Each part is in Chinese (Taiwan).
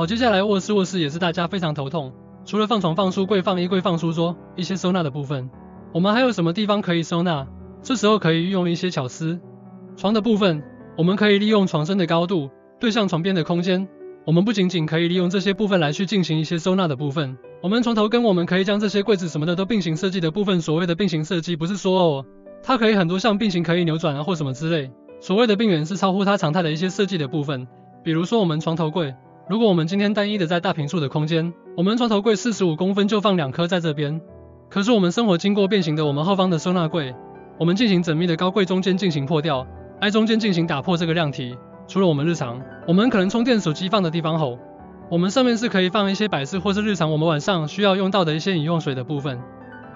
好，接下來，臥室，臥室也是大家非常頭痛，除了放床、放書櫃、放衣櫃放、放書桌一些收納的部分，我們還有什麼地方可以收納？這時候可以運用一些巧思。床的部分，我們可以利用床身的高度，對向床邊的空間，我們不僅僅可以利用這些部分來去進行一些收納的部分。我們床頭跟我們可以將這些櫃子什麼的都並行設計的部分，所謂的並行設計不是說哦，它可以很多像並行，可以扭轉啊或什麼之類。所謂的並遠是超乎它常態的一些設計的部分，比如說我們床頭櫃。如果我們今天單一的在大坪數的空間，我們床頭櫃四十五公分就放兩顆在這邊。可是我們生活經過變形的，我們後方的收納櫃，我們進行縝密的高櫃中間進行破掉，挨中間進行打破這個量體。除了我們日常，我們可能充電手機放的地方後，我們上面是可以放一些擺飾或是日常我們晚上需要用到的一些飲用水的部分。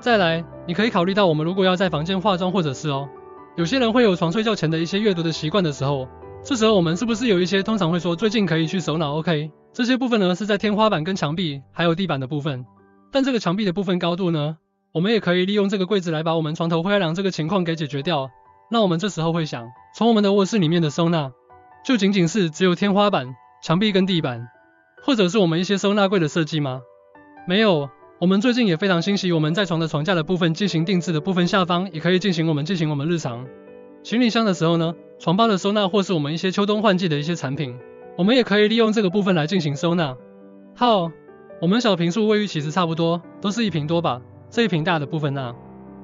再來，你可以考慮到我們如果要在房間化妝或者是哦，有些人會有床睡覺前的一些閱讀的習慣的時候。這時候我們是不是有一些通常會說最近可以去收納 OK？這些部分呢，是在天花板、跟牆壁還有地板的部分。但這個牆壁的部分高度呢，我們也可以利用這個櫃子來把我們床頭灰涼這個情況給解決掉。那我們這時候會想，從我們的臥室裡面的收納，就僅僅是只有天花板、牆壁跟地板，或者是我們一些收納櫃的設計嗎？沒有，我們最近也非常欣喜我們在床的床架的部分進行定制的部分下方，也可以進行我們進行我們日常行李箱的時候呢。床包的收納，或是我們一些秋冬換季的一些產品，我們也可以利用這個部分來進行收納。好，我們小坪數衛浴其實差不多，都是一坪多吧，這一坪大的部分呢、啊，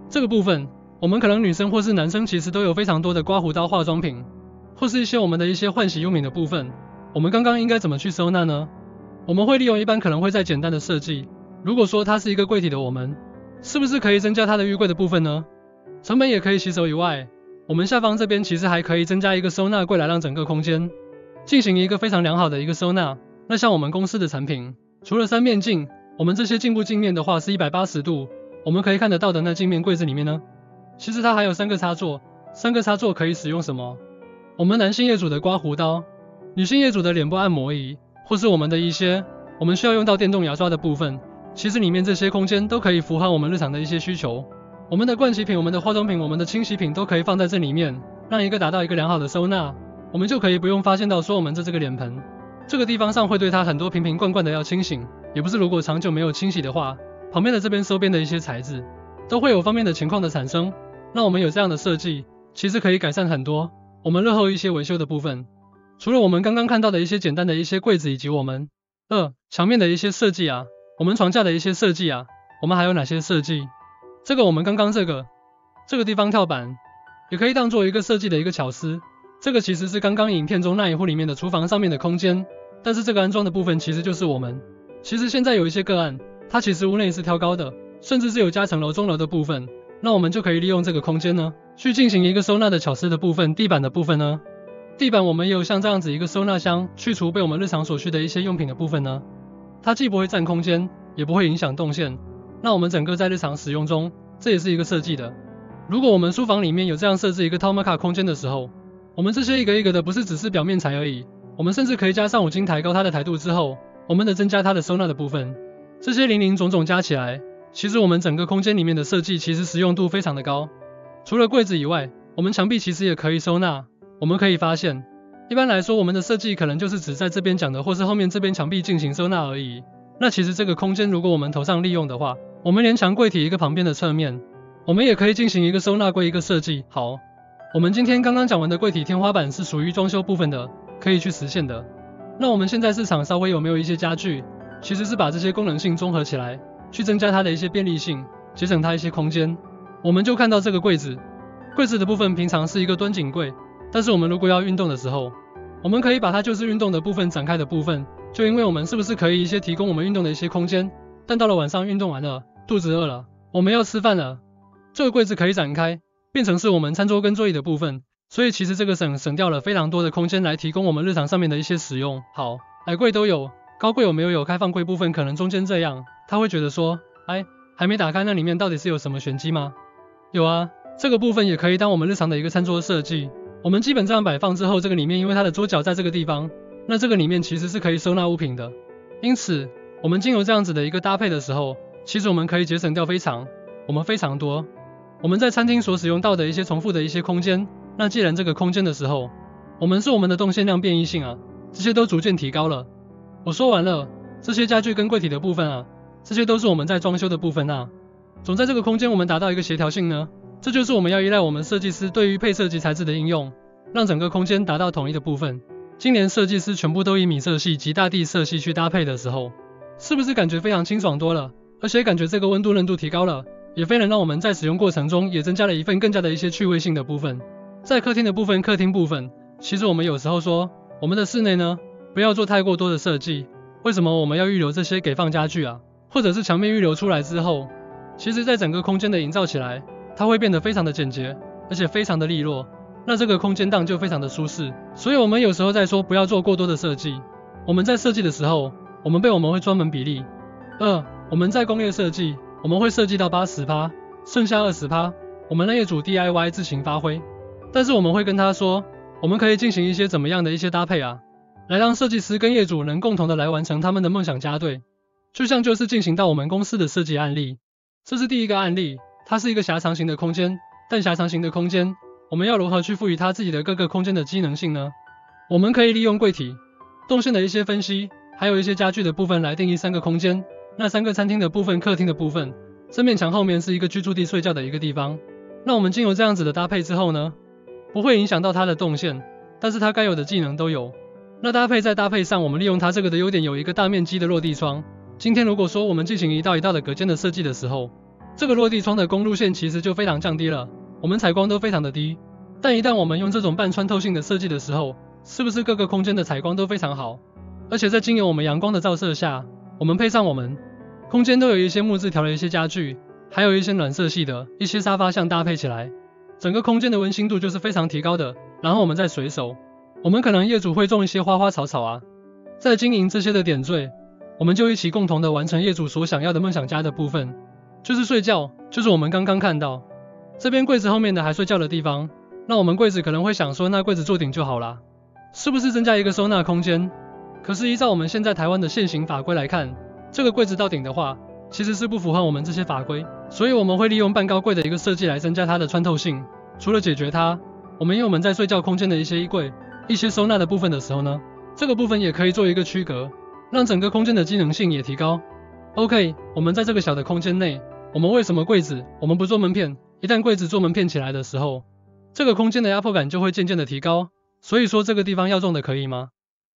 這個部分，我們可能女生或是男生其實都有非常多的刮鬍刀、化妝品，或是一些我們的一些換洗用品的部分，我們剛剛應該怎麼去收納呢？我們會利用一般可能會再簡單的設計，如果說它是一個櫃體的，我們是不是可以增加它的浴櫃的部分呢？成本也可以洗手以外，我們下方這邊其實還可以增加一個收納櫃來讓整個空間進行一個非常良好的一個收納。那像我們公司的產品，除了三面鏡，我們這些鏡布鏡面的話是一百八十度，我們可以看得到的，那鏡面櫃子裡面呢，其實它還有三個插座，三個插座可以使用什麼？我們男性業主的刮鬍刀，女性業主的臉部按摩儀，或是我們的一些我們需要用到電動牙刷的部分，其實裡面這些空間都可以符合我們日常的一些需求。我們的盥洗品、我們的化妝品、我們的清洗品都可以放在這裡面，讓一個達到一個良好的收納，我們就可以不用發現到說我們的這，這個臉盆這個地方上會對它很多瓶瓶罐罐的要清洗，也不是如果長久沒有清洗的話，旁邊的這邊收邊的一些材質都會有方面的情況的產生，讓我們有這樣的設計，其實可以改善很多我們日後一些維修的部分。除了我們剛剛看到的一些簡單的一些櫃子以及我們二、呃、牆面的一些設計啊，我們床架的一些設計啊，我們還有哪些設計？這個我們剛剛這個這個地方跳板，也可以當做一個設計的一個巧思。這個其實是剛剛影片中那一戶裡面的廚房上面的空間，但是這個安裝的部分其實就是我們。其實現在有一些個案，它其實屋內是挑高的，甚至是有夾層樓中樓的部分，那我們就可以利用這個空間呢，去進行一個收納的巧思的部分，地板的部分呢，地板我們也有像這樣子一個收納箱，去除被我們日常所需的一些用品的部分呢，它既不會佔空間，也不會影響動線。那我們整個在日常使用中，這也是一個設計的。如果我們書房裡面有這樣設置一個榻榻米空間的時候，我們這些一格一格的不是只是表面材而已，我們甚至可以加上五金抬高它的台度之後，我們的增加它的收納的部分。這些零零總總加起來，其實我們整個空間裡面的設計其實實用度非常的高。除了櫃子以外，我們牆壁其實也可以收納。我們可以發現，一般來說我們的設計可能就是只在這邊講的，或是後面這邊牆壁進行收納而已。那其實這個空間如果我們頭上利用的話，我們連牆櫃體一個旁邊的側面，我們也可以進行一個收納櫃一個設計。好，我們今天剛剛講完的櫃體天花板是屬於裝修部分的，可以去實現的。那我們現在市場稍微有沒有一些家具，其實是把這些功能性綜合起來，去增加它的一些便利性，節省它一些空間。我們就看到這個櫃子，櫃子的部分平常是一個端景櫃，但是我們如果要運動的時候，我們可以把它就是運動的部分展開的部分，就因為我們是不是可以一些提供我們運動的一些空間，但到了晚上運動完了。肚子餓了，我們要吃飯了。這個櫃子可以展開，變成是我們餐桌跟座椅的部分，所以其實這個省省掉了非常多的空間來提供我們日常上面的一些使用。好，矮櫃都有，高櫃有沒有有開放櫃部分？可能中間這樣，他會覺得說，哎，還沒打開那裡面到底是有什麼玄機嗎？有啊，這個部分也可以當我們日常的一個餐桌設計。我們基本這樣擺放之後，這個裡面因為它的桌角在這個地方，那這個裡面其實是可以收納物品的。因此，我們經由這樣子的一個搭配的時候。其實我們可以節省掉非常，我們非常多，我們在餐廳所使用到的一些重複的一些空間，那既然這個空間的時候，我們是我們的動線量變異性啊，這些都逐漸提高了。我說完了，這些家具跟櫃體的部分啊，這些都是我們在裝修的部分啊，總在這個空間我們達到一個協調性呢，這就是我們要依賴我們設計師對於配色及材質的應用，讓整個空間達到統一的部分。今年設計師全部都以米色系及大地色系去搭配的時候，是不是感覺非常清爽多了？而且感覺這個溫度韌度提高了，也非能讓我們在使用過程中也增加了一份更加的一些趣味性的部分。在客廳的部分，客廳部分，其實我們有時候說，我們的室內呢，不要做太過多的設計。為什麼我們要預留這些給放家具啊？或者是牆面預留出來之後，其實在整個空間的營造起來，它會變得非常的簡潔，而且非常的利落。那這個空間檔就非常的舒適。所以我們有時候在說不要做過多的設計。我們在設計的時候，我們被我們會專門比例二。呃我們在工業設計，我們會設計到八十趴，剩下二十趴，我們讓業主 DIY 自行發揮。但是我們會跟他說，我們可以進行一些怎麼樣的一些搭配啊，來讓設計師跟業主能共同的來完成他們的夢想家。對，就像就是進行到我們公司的設計案例，這是第一個案例，它是一個狹長型的空間，但狹長型的空間，我們要如何去賦予它自己的各個空間的機能性呢？我們可以利用櫃體、動線的一些分析，還有一些家具的部分來定義三個空間。那三個餐廳的部分，客廳的部分，這面牆後面是一個居住地睡覺的一個地方。那我們經由這樣子的搭配之後呢，不會影響到它的動線，但是它該有的機能都有。那搭配在搭配上，我們利用它這個的優點，有一個大面積的落地窗。今天如果說我們進行一道一道的隔間的設計的時候，這個落地窗的公路線其實就非常降低了，我們採光都非常的低。但一旦我們用這種半穿透性的設計的時候，是不是各個空間的採光都非常好？而且在經由我們陽光的照射下。我們配上我們空間都有一些木質調的一些家具，還有一些暖色系的一些沙發，像搭配起來，整個空間的溫馨度就是非常提高的。然後我們再隨手，我們可能業主會種一些花花草草啊，在經營這些的點綴，我們就一起共同的完成業主所想要的夢想家的部分。就是睡覺，就是我們剛剛看到這邊櫃子後面的還睡覺的地方，那我們櫃子可能會想說，那櫃子做頂就好啦，是不是增加一個收納空間？可是依照我們現在台灣的現行法規來看，這個櫃子到頂的話，其實是不符合我們這些法規。所以我們會利用半高櫃的一個設計來增加它的穿透性。除了解決它，我們用我們在睡覺空間的一些衣櫃、一些收納的部分的時候呢，這個部分也可以做一個區隔，讓整個空間的機能性也提高。OK，我們在這個小的空間內，我們為什麼櫃子我們不做門片？一旦櫃子做門片起來的時候，這個空間的壓迫感就會漸漸的提高。所以說這個地方要重的可以嗎？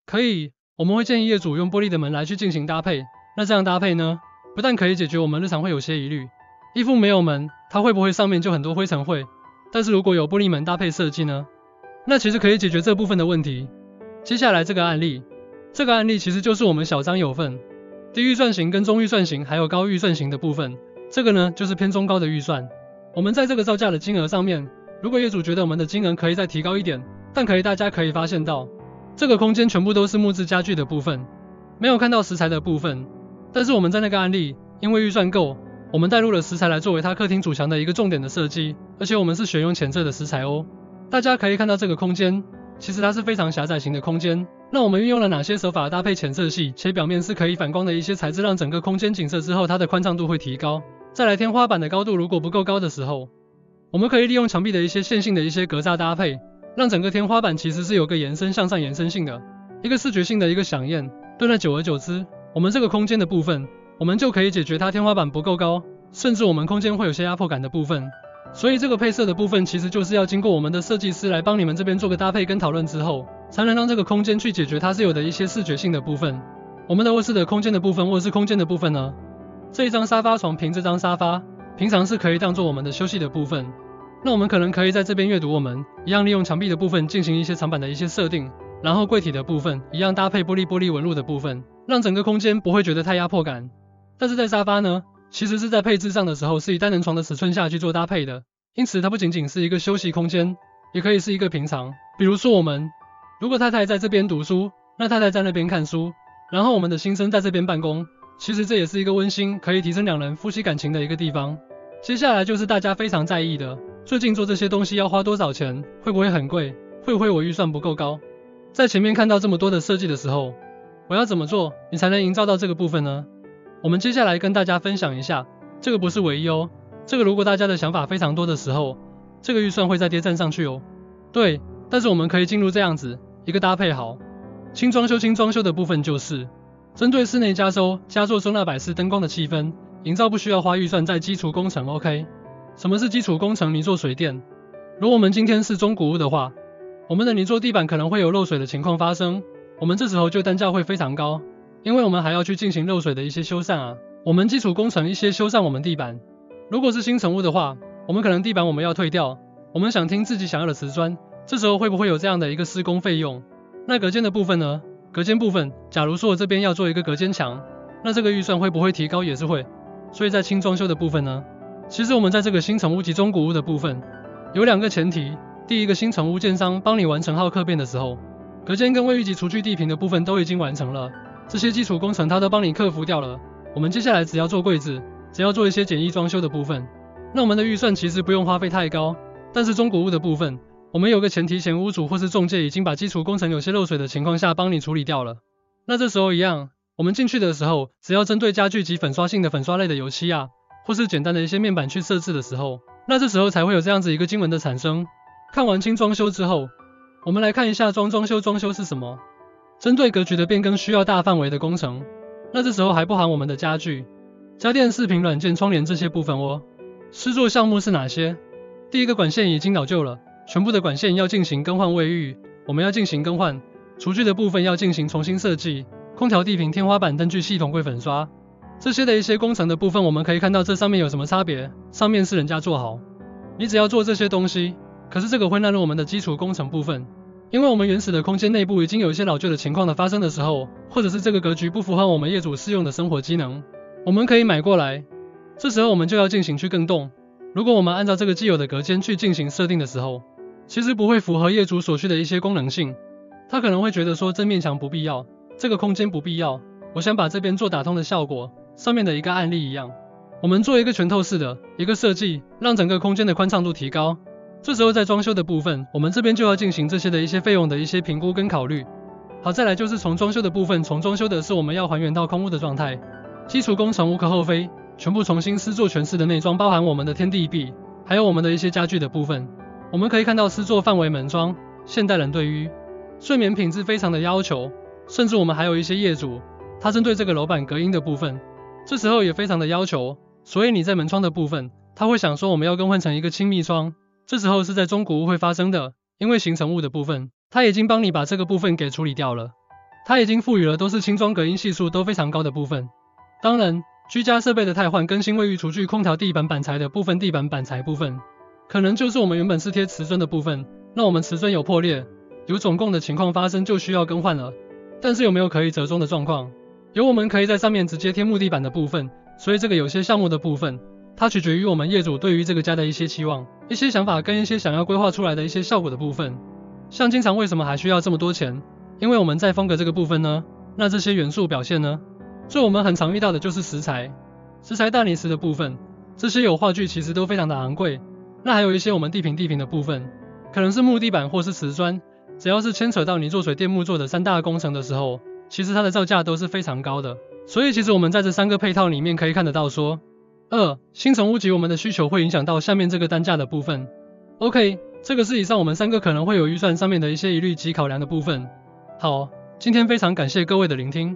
可以。我們會建議業主用玻璃的門來去進行搭配，那這樣搭配呢，不但可以解決我們日常會有些疑慮，衣服沒有門，它會不會上面就很多灰塵會？但是如果有玻璃門搭配設計呢，那其實可以解決這部分的問題。接下來這個案例，這個案例其實就是我們小宅有分低預算型跟中預算型還有高預算型的部分，這個呢就是偏中高的預算。我們在這個造價的金額上面，如果業主覺得我們的金額可以再提高一點，但可以大家可以發現到。這個空間全部都是木質家具的部分，沒有看到石材的部分。但是我們在那個案例，因為預算夠，我們帶入了石材來作為它客廳主牆的一個重點的設計。而且我們是選用淺色的石材哦。大家可以看到這個空間，其實它是非常狹窄型的空間。那我們運用了哪些手法搭配淺色系，且表面是可以反光的一些材質，讓整個空間景色之後它的寬敞度會提高。再來天花板的高度如果不夠高的時候，我們可以利用牆壁的一些線性的一些格柵搭配。讓整個天花板其實是有個延伸，向上延伸性的，一個視覺性的一個響應。對了，久而久之，我們這個空間的部分，我們就可以解決它天花板不夠高，甚至我們空間會有些壓迫感的部分。所以這個配色的部分，其實就是要經過我們的設計師來幫你們這邊做個搭配跟討論之後，才能讓這個空間去解決它是有的一些視覺性的部分。我們的臥室的空間的部分，臥室空間的部分呢，這一張沙發床憑這張沙發，平常是可以當做我們的休息的部分。那我們可能可以在這邊閱讀，我們一樣利用牆壁的部分進行一些長板的一些設定，然後櫃體的部分一樣搭配玻璃玻璃紋路的部分，讓整個空間不會覺得太壓迫感。但是在沙發呢，其實是在配置上的時候是以單人床的尺寸下去做搭配的，因此它不僅僅是一個休息空間，也可以是一個平常，比如說我們如果太太在這邊讀書，那太太在那邊看書，然後我們的先生在這邊辦公，其實這也是一個溫馨可以提升兩人夫妻感情的一個地方。接下來就是大家非常在意的。最近做這些東西要花多少錢？會不會很貴？會不會我預算不夠高？在前面看到這麼多的設計的時候，我要怎麼做，你才能營造到這個部分呢？我們接下來跟大家分享一下，這個不是唯一哦。這個如果大家的想法非常多的時候，這個預算會再跌站上去哦。對，但是我們可以進入這樣子一個搭配好，輕裝修輕裝修的部分就是針對室內加收加做收納、擺飾燈光的氣氛營造，不需要花預算在基礎工程，OK。什麼是基礎工程？泥做水電。如果我們今天是中古屋的話，我們的泥做地板可能會有漏水的情況發生，我們這時候就單價會非常高，因為我們還要去進行漏水的一些修繕啊。我們基礎工程一些修繕我們地板。如果是新成屋的話，我們可能地板我們要退掉，我們想聽自己想要的瓷磚，這時候會不會有這樣的一個施工費用？那隔間的部分呢？隔間部分，假如說我這邊要做一個隔間牆，那這個預算會不會提高，也是會。所以在輕裝修的部分呢？其實我們在這個新成屋及中古屋的部分，有兩個前提。第一個新成屋建商幫你完成好客變的時候，隔間跟衛浴及廚具地坪的部分都已經完成了，這些基礎工程他都幫你克服掉了。我們接下來只要做櫃子，只要做一些簡易裝修的部分，那我們的預算其實不用花費太高。但是中古屋的部分，我們有個前提，前屋主或是仲介已經把基礎工程有些漏水的情況下幫你處理掉了。那這時候一樣，我們進去的時候，只要針對家具及粉刷性的粉刷類的油漆啊。或是簡單的一些面板去設置的時候，那這時候才會有這樣子一個經文的產生。看完輕裝修之後，我們來看一下裝裝修，裝修是什麼？針對格局的變更需要大範圍的工程，那這時候還不含我們的家具、家電、視頻軟件、窗簾這些部分哦。施作項目是哪些？第一個管線已經老舊了，全部的管線要進行更換。衛浴我們要進行更換，廚具的部分要進行重新設計，空調、地坪、天花板、燈具系統櫃、粉刷。這些的一些工程的部分，我們可以看到這上面有什麼差別？上面是人家做好，你只要做這些東西。可是這個會納入我們的基礎工程部分，因為我們原始的空間內部已經有一些老舊的情況的發生的時候，或者是這個格局不符合我們業主適用的生活機能，我們可以買過來。這時候我們就要進行去更動。如果我們按照這個既有的隔間去進行設定的時候，其實不會符合業主所需的一些功能性。他可能會覺得說，這面牆不必要，這個空間不必要，我想把這邊做打通的效果。上面的一個案例一樣，我們做一個全透視的一個設計，讓整個空間的寬敞度提高。這時候在裝修的部分，我們這邊就要進行這些的一些費用的一些評估跟考慮。好，再來就是從裝修的部分，從裝修的是我們要還原到空屋的狀態，基礎工程無可厚非，全部重新施作全室的內裝，包含我們的天地壁，還有我們的一些家具的部分。我們可以看到施作範圍門窗。現代人對於睡眠品質非常的要求，甚至我們還有一些業主，他針對這個樓板隔音的部分。這時候也非常的要求，所以你在門窗的部分，他會想說我們要更換成一個氣密窗，這時候是在中古屋會發生的，因為新成屋的部分，他已經幫你把這個部分給處理掉了，他已經賦予了都是輕裝隔音係數都非常高的部分。當然，居家設備的汰換，更新衛浴、廚具、空調、地板板材的部分，地板板材部分，可能就是我們原本是貼瓷磚的部分，那我們瓷磚有破裂，有總共的情況發生就需要更換了，但是有沒有可以折中的狀況？有我們，可以在上面直接貼木地板的部分，所以這個有些項目的部分，它取決於我們業主對於這個家的一些期望、一些想法跟一些想要規劃出來的一些效果的部分。像經常為什麼還需要這麼多錢？因為我們在風格這個部分呢，那這些元素表現呢？最我們很常遇到的就是石材，石材大理石的部分，這些有畫具其實都非常的昂貴。那還有一些我們地坪地坪的部分，可能是木地板或是瓷磚，只要是牽扯到泥作水電木做的三大工程的時候。其實它的造價都是非常高的，所以其實我們在這三個配套裡面可以看得到說，二、新成屋及我們的需求會影響到下面這個單價的部分。OK，這個是以上我們三個可能會有預算上面的一些疑慮及考量的部分。好，今天非常感謝各位的聆聽。